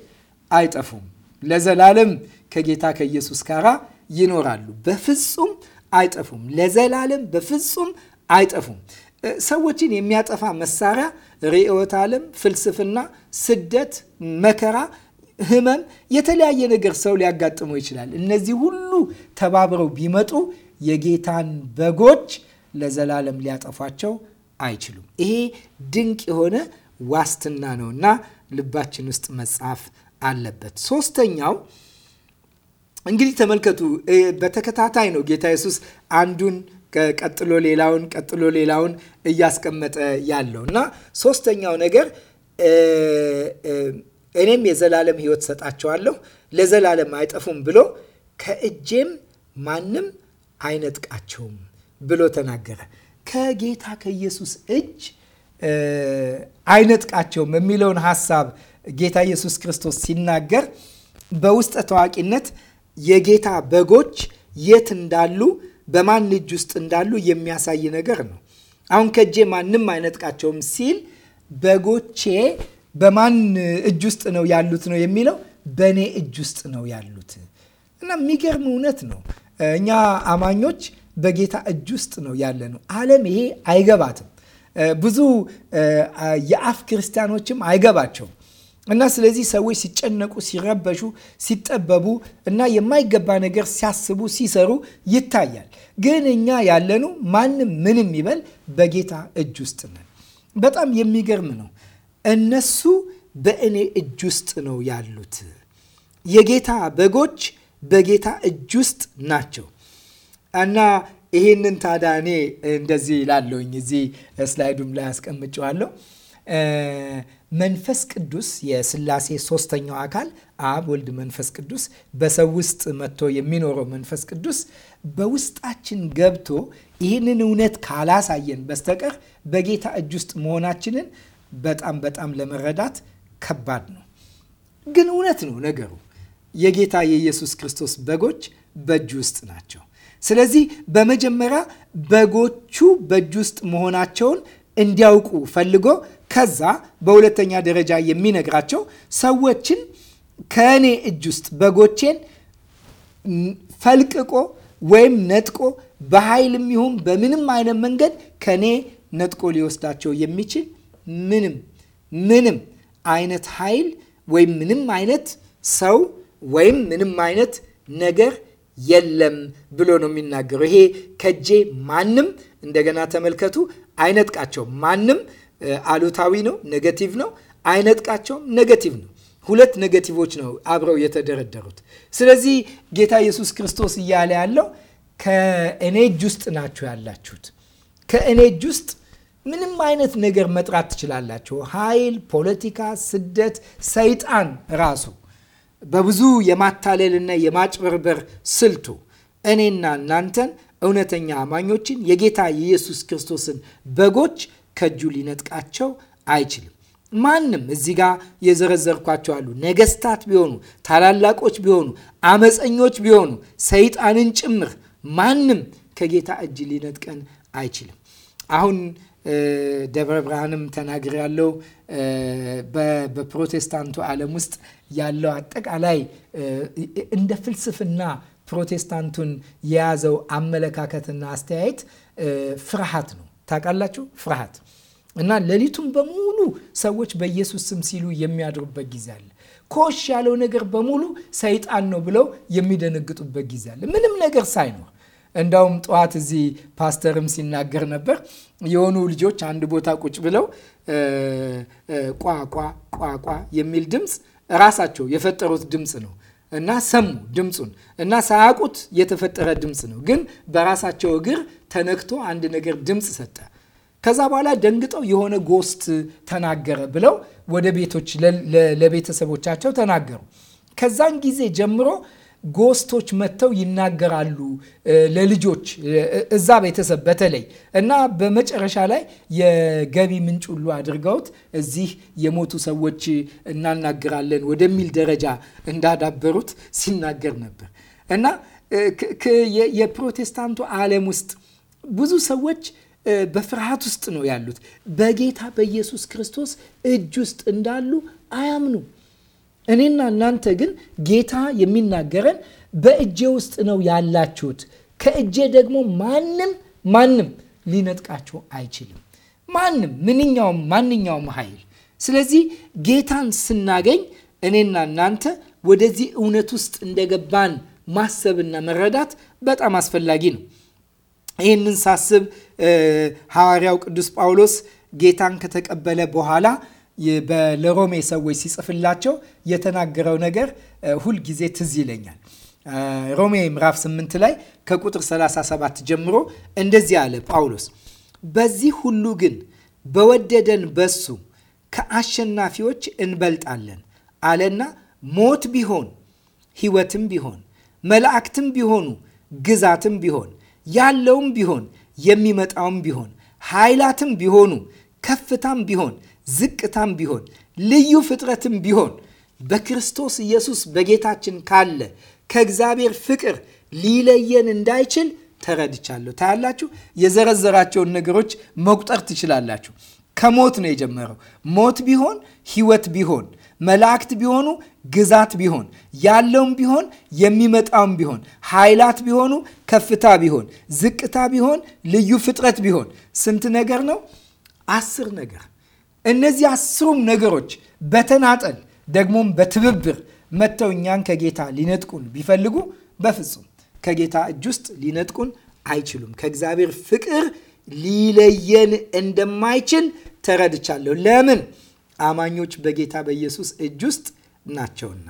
Speaker 1: አይጠፉም። ለዘላለም ከጌታ ከኢየሱስ ጋር ይኖራሉ። በፍጹም አይጠፉም። ለዘላለም በፍጹም አይጠፉም። ሰዎችን የሚያጠፋ መሳሪያ ርዕዮተ ዓለም፣ ፍልስፍና፣ ስደት፣ መከራ፣ ህመም፣ የተለያየ ነገር ሰው ሊያጋጥመው ይችላል። እነዚህ ሁሉ ተባብረው ቢመጡ የጌታን በጎች ለዘላለም ሊያጠፏቸው አይችሉም። ይሄ ድንቅ የሆነ ዋስትና ነው እና ልባችን ውስጥ መጻፍ አለበት። ሶስተኛው እንግዲህ ተመልከቱ፣ በተከታታይ ነው ጌታ ኢየሱስ አንዱን ቀጥሎ ሌላውን ቀጥሎ ሌላውን እያስቀመጠ ያለው እና ሶስተኛው ነገር እኔም የዘላለም ሕይወት ሰጣቸዋለሁ ለዘላለም አይጠፉም ብሎ ከእጄም ማንም አይነጥቃቸውም ብሎ ተናገረ። ከጌታ ከኢየሱስ እጅ አይነጥቃቸውም የሚለውን ሀሳብ ጌታ ኢየሱስ ክርስቶስ ሲናገር በውስጠ ታዋቂነት የጌታ በጎች የት እንዳሉ በማን እጅ ውስጥ እንዳሉ የሚያሳይ ነገር ነው። አሁን ከእጄ ማንም አይነጥቃቸውም ሲል በጎቼ በማን እጅ ውስጥ ነው ያሉት ነው የሚለው፣ በእኔ እጅ ውስጥ ነው ያሉት እና የሚገርም እውነት ነው። እኛ አማኞች በጌታ እጅ ውስጥ ነው ያለ ነው። ዓለም ይሄ አይገባትም። ብዙ የአፍ ክርስቲያኖችም አይገባቸውም። እና ስለዚህ ሰዎች ሲጨነቁ፣ ሲረበሹ፣ ሲጠበቡ እና የማይገባ ነገር ሲያስቡ፣ ሲሰሩ ይታያል። ግን እኛ ያለኑ ማንም ምንም ይበል በጌታ እጅ ውስጥ ነን። በጣም የሚገርም ነው። እነሱ በእኔ እጅ ውስጥ ነው ያሉት። የጌታ በጎች በጌታ እጅ ውስጥ ናቸው እና ይህንን ታዲያ እኔ እንደዚህ ላለውኝ እዚህ ስላይዱም ላይ አስቀምጨዋለሁ መንፈስ ቅዱስ የስላሴ ሶስተኛው አካል አብ፣ ወልድ፣ መንፈስ ቅዱስ በሰው ውስጥ መጥቶ የሚኖረው መንፈስ ቅዱስ በውስጣችን ገብቶ ይህንን እውነት ካላሳየን በስተቀር በጌታ እጅ ውስጥ መሆናችንን በጣም በጣም ለመረዳት ከባድ ነው። ግን እውነት ነው ነገሩ። የጌታ የኢየሱስ ክርስቶስ በጎች በእጅ ውስጥ ናቸው። ስለዚህ በመጀመሪያ በጎቹ በእጅ ውስጥ መሆናቸውን እንዲያውቁ ፈልጎ ከዛ በሁለተኛ ደረጃ የሚነግራቸው ሰዎችን ከእኔ እጅ ውስጥ በጎቼን ፈልቅቆ ወይም ነጥቆ በኃይልም ይሁን በምንም አይነት መንገድ ከእኔ ነጥቆ ሊወስዳቸው የሚችል ምንም ምንም አይነት ኃይል ወይም ምንም አይነት ሰው ወይም ምንም አይነት ነገር የለም ብሎ ነው የሚናገረው። ይሄ ከጄ ማንም እንደገና ተመልከቱ አይነጥቃቸው ማንም አሉታዊ ነው፣ ኔጋቲቭ ነው። አይነጥቃቸውም፣ ኔጌቲቭ ነው። ሁለት ኔጌቲቮች ነው አብረው የተደረደሩት። ስለዚህ ጌታ ኢየሱስ ክርስቶስ እያለ ያለው ከእኔ እጅ ውስጥ ናችሁ ያላችሁት። ከእኔ እጅ ውስጥ ምንም አይነት ነገር መጥራት ትችላላችሁ። ኃይል፣ ፖለቲካ፣ ስደት፣ ሰይጣን ራሱ በብዙ የማታለልና የማጭበርበር ስልቱ እኔና እናንተን እውነተኛ አማኞችን የጌታ የኢየሱስ ክርስቶስን በጎች ከእጁ ሊነጥቃቸው አይችልም። ማንም እዚህ ጋር የዘረዘርኳቸው አሉ። ነገስታት ቢሆኑ፣ ታላላቆች ቢሆኑ፣ አመፀኞች ቢሆኑ፣ ሰይጣንን ጭምር ማንም ከጌታ እጅ ሊነጥቀን አይችልም። አሁን ደብረ ብርሃንም ተናግር ያለው በፕሮቴስታንቱ ዓለም ውስጥ ያለው አጠቃላይ እንደ ፍልስፍና ፕሮቴስታንቱን የያዘው አመለካከትና አስተያየት ፍርሃት ነው። ታውቃላችሁ? ፍርሃት እና ሌሊቱን በሙሉ ሰዎች በኢየሱስ ስም ሲሉ የሚያድሩበት ጊዜ አለ። ኮሽ ያለው ነገር በሙሉ ሰይጣን ነው ብለው የሚደነግጡበት ጊዜ አለ። ምንም ነገር ሳይኖር እንዳውም ጠዋት እዚህ ፓስተርም ሲናገር ነበር። የሆኑ ልጆች አንድ ቦታ ቁጭ ብለው ቋቋ ቋቋ የሚል ድምፅ ራሳቸው የፈጠሩት ድምፅ ነው እና ሰሙ ድምፁን እና ሳያውቁት የተፈጠረ ድምፅ ነው ግን በራሳቸው እግር ተነክቶ አንድ ነገር ድምፅ ሰጠ። ከዛ በኋላ ደንግጠው የሆነ ጎስት ተናገረ ብለው ወደ ቤቶች ለቤተሰቦቻቸው ተናገሩ። ከዛን ጊዜ ጀምሮ ጎስቶች መጥተው ይናገራሉ ለልጆች እዛ ቤተሰብ በተለይ እና በመጨረሻ ላይ የገቢ ምንጭ ሁሉ አድርገውት እዚህ የሞቱ ሰዎች እናናግራለን ወደሚል ደረጃ እንዳዳበሩት ሲናገር ነበር እና የፕሮቴስታንቱ ዓለም ውስጥ ብዙ ሰዎች በፍርሃት ውስጥ ነው ያሉት። በጌታ በኢየሱስ ክርስቶስ እጅ ውስጥ እንዳሉ አያምኑ። እኔና እናንተ ግን ጌታ የሚናገረን በእጄ ውስጥ ነው ያላችሁት፣ ከእጄ ደግሞ ማንም ማንም ሊነጥቃችሁ አይችልም፣ ማንም ምንኛውም ማንኛውም ኃይል። ስለዚህ ጌታን ስናገኝ እኔና እናንተ ወደዚህ እውነት ውስጥ እንደገባን ማሰብና መረዳት በጣም አስፈላጊ ነው። ይህንን ሳስብ ሐዋርያው ቅዱስ ጳውሎስ ጌታን ከተቀበለ በኋላ ለሮሜ ሰዎች ሲጽፍላቸው የተናገረው ነገር ሁልጊዜ ትዝ ይለኛል። ሮሜ ምዕራፍ 8 ላይ ከቁጥር 37 ጀምሮ እንደዚህ አለ ጳውሎስ። በዚህ ሁሉ ግን በወደደን በሱ ከአሸናፊዎች እንበልጣለን አለና ሞት ቢሆን ሕይወትም ቢሆን መላእክትም ቢሆኑ ግዛትም ቢሆን ያለውም ቢሆን የሚመጣውም ቢሆን ኃይላትም ቢሆኑ ከፍታም ቢሆን ዝቅታም ቢሆን ልዩ ፍጥረትም ቢሆን በክርስቶስ ኢየሱስ በጌታችን ካለ ከእግዚአብሔር ፍቅር ሊለየን እንዳይችል ተረድቻለሁ። ታያላችሁ፣ የዘረዘራቸውን ነገሮች መቁጠር ትችላላችሁ። ከሞት ነው የጀመረው። ሞት ቢሆን ህይወት ቢሆን መላእክት ቢሆኑ ግዛት ቢሆን ያለውም ቢሆን የሚመጣውም ቢሆን ኃይላት ቢሆኑ ከፍታ ቢሆን ዝቅታ ቢሆን ልዩ ፍጥረት ቢሆን ስንት ነገር ነው? አስር ነገር። እነዚህ አስሩም ነገሮች በተናጠል ደግሞም በትብብር መጥተው እኛን ከጌታ ሊነጥቁን ቢፈልጉ በፍጹም ከጌታ እጅ ውስጥ ሊነጥቁን አይችሉም። ከእግዚአብሔር ፍቅር ሊለየን እንደማይችል ተረድቻለሁ። ለምን? አማኞች በጌታ በኢየሱስ እጅ ውስጥ ናቸውና።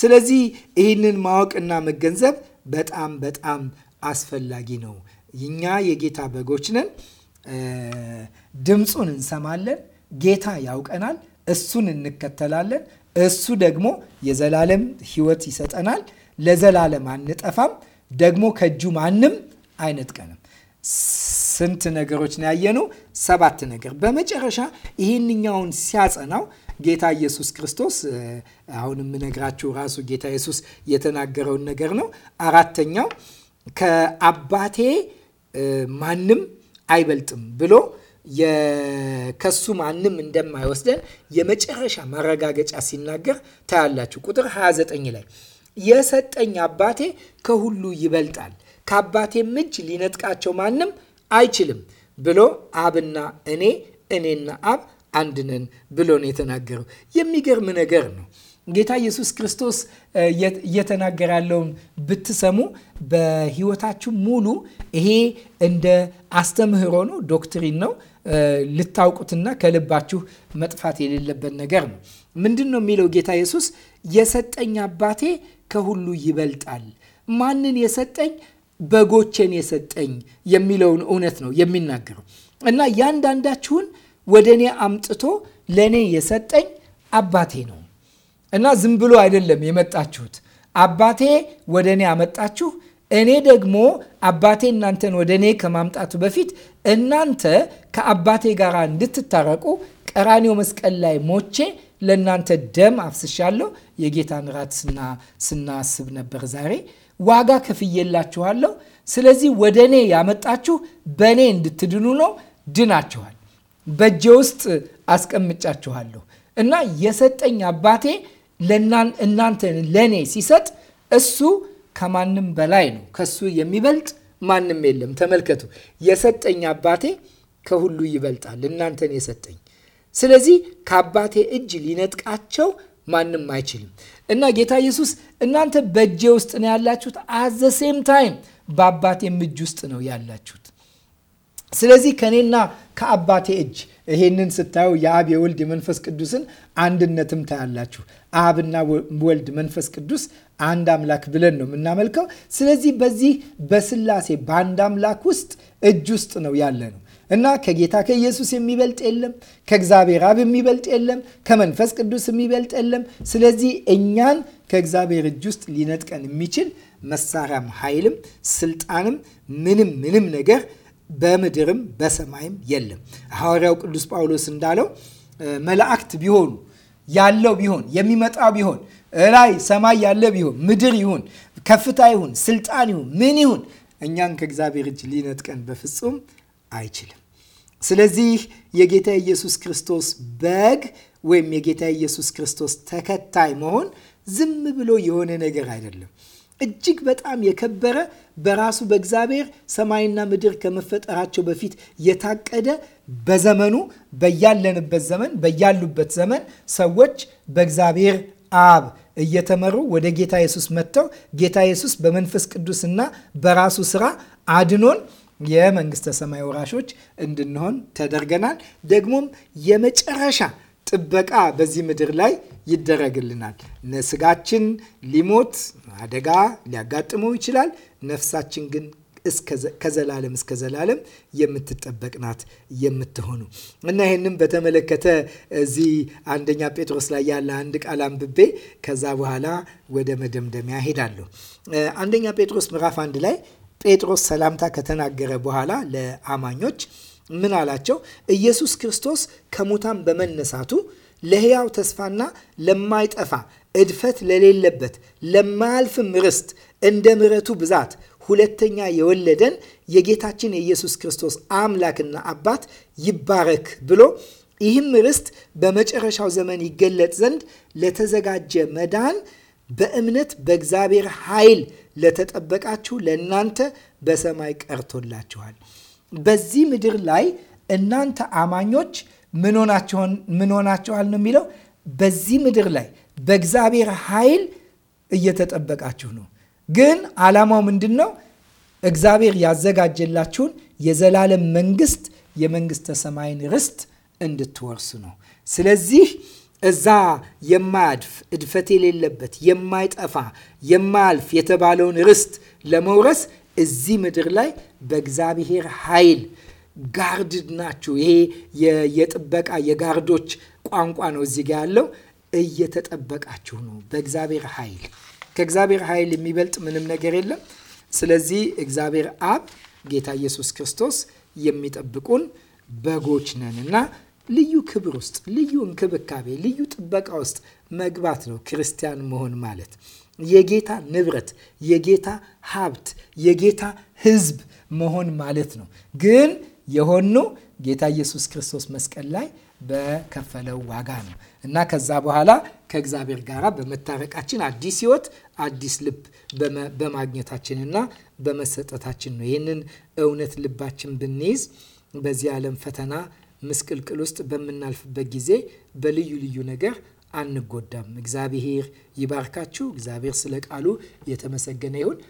Speaker 1: ስለዚህ ይህንን ማወቅና መገንዘብ በጣም በጣም አስፈላጊ ነው። እኛ የጌታ በጎች ነን። ድምፁን እንሰማለን። ጌታ ያውቀናል። እሱን እንከተላለን። እሱ ደግሞ የዘላለም ሕይወት ይሰጠናል። ለዘላለም አንጠፋም። ደግሞ ከእጁ ማንም አይነጥቀንም። ስንት ነገሮች ነው ሰባት ነገር። በመጨረሻ ይህንኛውን ሲያጸናው ጌታ ኢየሱስ ክርስቶስ አሁን የምነግራችሁ ራሱ ጌታ ኢየሱስ የተናገረውን ነገር ነው። አራተኛው ከአባቴ ማንም አይበልጥም ብሎ ከሱ ማንም እንደማይወስደን የመጨረሻ ማረጋገጫ ሲናገር ታያላችሁ። ቁጥር 29 ላይ የሰጠኝ አባቴ ከሁሉ ይበልጣል፣ ከአባቴም እጅ ሊነጥቃቸው ማንም አይችልም ብሎ አብና እኔ እኔና አብ አንድ ነን ብሎ ነው የተናገረው። የሚገርም ነገር ነው። ጌታ ኢየሱስ ክርስቶስ እየተናገረ ያለውን ብትሰሙ በሕይወታችሁ ሙሉ ይሄ እንደ አስተምህሮ ነው፣ ዶክትሪን ነው ልታውቁትና ከልባችሁ መጥፋት የሌለበት ነገር ነው። ምንድን ነው የሚለው ጌታ ኢየሱስ? የሰጠኝ አባቴ ከሁሉ ይበልጣል። ማንን የሰጠኝ? በጎቼን የሰጠኝ የሚለውን እውነት ነው የሚናገረው እና ያንዳንዳችሁን ወደ እኔ አምጥቶ ለእኔ የሰጠኝ አባቴ ነው እና ዝም ብሎ አይደለም የመጣችሁት። አባቴ ወደ እኔ አመጣችሁ። እኔ ደግሞ አባቴ እናንተን ወደ እኔ ከማምጣቱ በፊት እናንተ ከአባቴ ጋር እንድትታረቁ ቀራኔው መስቀል ላይ ሞቼ ለእናንተ ደም አፍስሻለሁ። የጌታን ራት ስናስብ ነበር ዛሬ ዋጋ ከፍዬላችኋለሁ። ስለዚህ ወደ እኔ ያመጣችሁ በእኔ እንድትድኑ ነው። ድናችኋል፣ በእጄ ውስጥ አስቀምጫችኋለሁ እና የሰጠኝ አባቴ እናንተ ለእኔ ሲሰጥ እሱ ከማንም በላይ ነው። ከሱ የሚበልጥ ማንም የለም። ተመልከቱ፣ የሰጠኝ አባቴ ከሁሉ ይበልጣል። እናንተን የሰጠኝ ስለዚህ ከአባቴ እጅ ሊነጥቃቸው ማንም አይችልም። እና ጌታ ኢየሱስ እናንተ በእጄ ውስጥ ነው ያላችሁት፣ አት ዘ ሴም ታይም በአባቴም እጅ ውስጥ ነው ያላችሁት። ስለዚህ ከእኔና ከአባቴ እጅ ይሄንን ስታዩ የአብ የወልድ የመንፈስ ቅዱስን አንድነትም ታያላችሁ። አብና ወልድ መንፈስ ቅዱስ አንድ አምላክ ብለን ነው የምናመልከው። ስለዚህ በዚህ በስላሴ በአንድ አምላክ ውስጥ እጅ ውስጥ ነው ያለ ነው። እና ከጌታ ከኢየሱስ የሚበልጥ የለም፣ ከእግዚአብሔር አብ የሚበልጥ የለም፣ ከመንፈስ ቅዱስ የሚበልጥ የለም። ስለዚህ እኛን ከእግዚአብሔር እጅ ውስጥ ሊነጥቀን የሚችል መሳሪያም፣ ኃይልም፣ ስልጣንም ምንም ምንም ነገር በምድርም በሰማይም የለም። ሐዋርያው ቅዱስ ጳውሎስ እንዳለው መላእክት ቢሆኑ ያለው ቢሆን የሚመጣ ቢሆን እላይ ሰማይ ያለ ቢሆን ምድር ይሁን ከፍታ ይሁን ስልጣን ይሁን ምን ይሁን እኛን ከእግዚአብሔር እጅ ሊነጥቀን በፍጹም አይችልም። ስለዚህ የጌታ ኢየሱስ ክርስቶስ በግ ወይም የጌታ ኢየሱስ ክርስቶስ ተከታይ መሆን ዝም ብሎ የሆነ ነገር አይደለም። እጅግ በጣም የከበረ በራሱ በእግዚአብሔር ሰማይና ምድር ከመፈጠራቸው በፊት የታቀደ በዘመኑ በያለንበት ዘመን በያሉበት ዘመን ሰዎች በእግዚአብሔር አብ እየተመሩ ወደ ጌታ ኢየሱስ መጥተው ጌታ ኢየሱስ በመንፈስ ቅዱስና በራሱ ስራ አድኖን የመንግስተ ሰማይ ወራሾች እንድንሆን ተደርገናል። ደግሞም የመጨረሻ ጥበቃ በዚህ ምድር ላይ ይደረግልናል። ስጋችን ሊሞት አደጋ ሊያጋጥመው ይችላል። ነፍሳችን ግን ከዘላለም እስከ ዘላለም የምትጠበቅ ናት የምትሆኑ እና ይህንም በተመለከተ እዚህ አንደኛ ጴጥሮስ ላይ ያለ አንድ ቃል አንብቤ ከዛ በኋላ ወደ መደምደሚያ ሄዳለሁ። አንደኛ ጴጥሮስ ምዕራፍ አንድ ላይ ጴጥሮስ ሰላምታ ከተናገረ በኋላ ለአማኞች ምን አላቸው? ኢየሱስ ክርስቶስ ከሙታን በመነሳቱ ለሕያው ተስፋና ለማይጠፋ እድፈት ለሌለበት ለማያልፍም ርስት እንደ ምረቱ ብዛት ሁለተኛ የወለደን የጌታችን የኢየሱስ ክርስቶስ አምላክና አባት ይባረክ ብሎ ይህም ርስት በመጨረሻው ዘመን ይገለጥ ዘንድ ለተዘጋጀ መዳን በእምነት በእግዚአብሔር ኃይል ለተጠበቃችሁ ለእናንተ በሰማይ ቀርቶላችኋል። በዚህ ምድር ላይ እናንተ አማኞች ምን ሆናችኋል ነው የሚለው። በዚህ ምድር ላይ በእግዚአብሔር ኃይል እየተጠበቃችሁ ነው። ግን ዓላማው ምንድን ነው? እግዚአብሔር ያዘጋጀላችሁን የዘላለም መንግስት የመንግስተ ሰማይን ርስት እንድትወርሱ ነው። ስለዚህ እዛ የማያድፍ እድፈት የሌለበት የማይጠፋ የማያልፍ የተባለውን ርስት ለመውረስ እዚህ ምድር ላይ በእግዚአብሔር ኃይል ጋርድድ ናችሁ። ይሄ የጥበቃ የጋርዶች ቋንቋ ነው። እዚህ ጋ ያለው እየተጠበቃችሁ ነው በእግዚአብሔር ኃይል። ከእግዚአብሔር ኃይል የሚበልጥ ምንም ነገር የለም። ስለዚህ እግዚአብሔር አብ ጌታ ኢየሱስ ክርስቶስ የሚጠብቁን በጎች ነን እና ልዩ ክብር ውስጥ፣ ልዩ እንክብካቤ፣ ልዩ ጥበቃ ውስጥ መግባት ነው ክርስቲያን መሆን ማለት። የጌታ ንብረት፣ የጌታ ሀብት፣ የጌታ ሕዝብ መሆን ማለት ነው። ግን የሆነው ጌታ ኢየሱስ ክርስቶስ መስቀል ላይ በከፈለው ዋጋ ነው እና ከዛ በኋላ ከእግዚአብሔር ጋር በመታረቃችን አዲስ ህይወት አዲስ ልብ በማግኘታችንና በመሰጠታችን ነው። ይህንን እውነት ልባችን ብንይዝ በዚህ ዓለም ፈተና ምስቅልቅል ውስጥ በምናልፍበት ጊዜ በልዩ ልዩ ነገር አንጎዳም። እግዚአብሔር ይባርካችሁ። እግዚአብሔር ስለ ቃሉ የተመሰገነ ይሁን።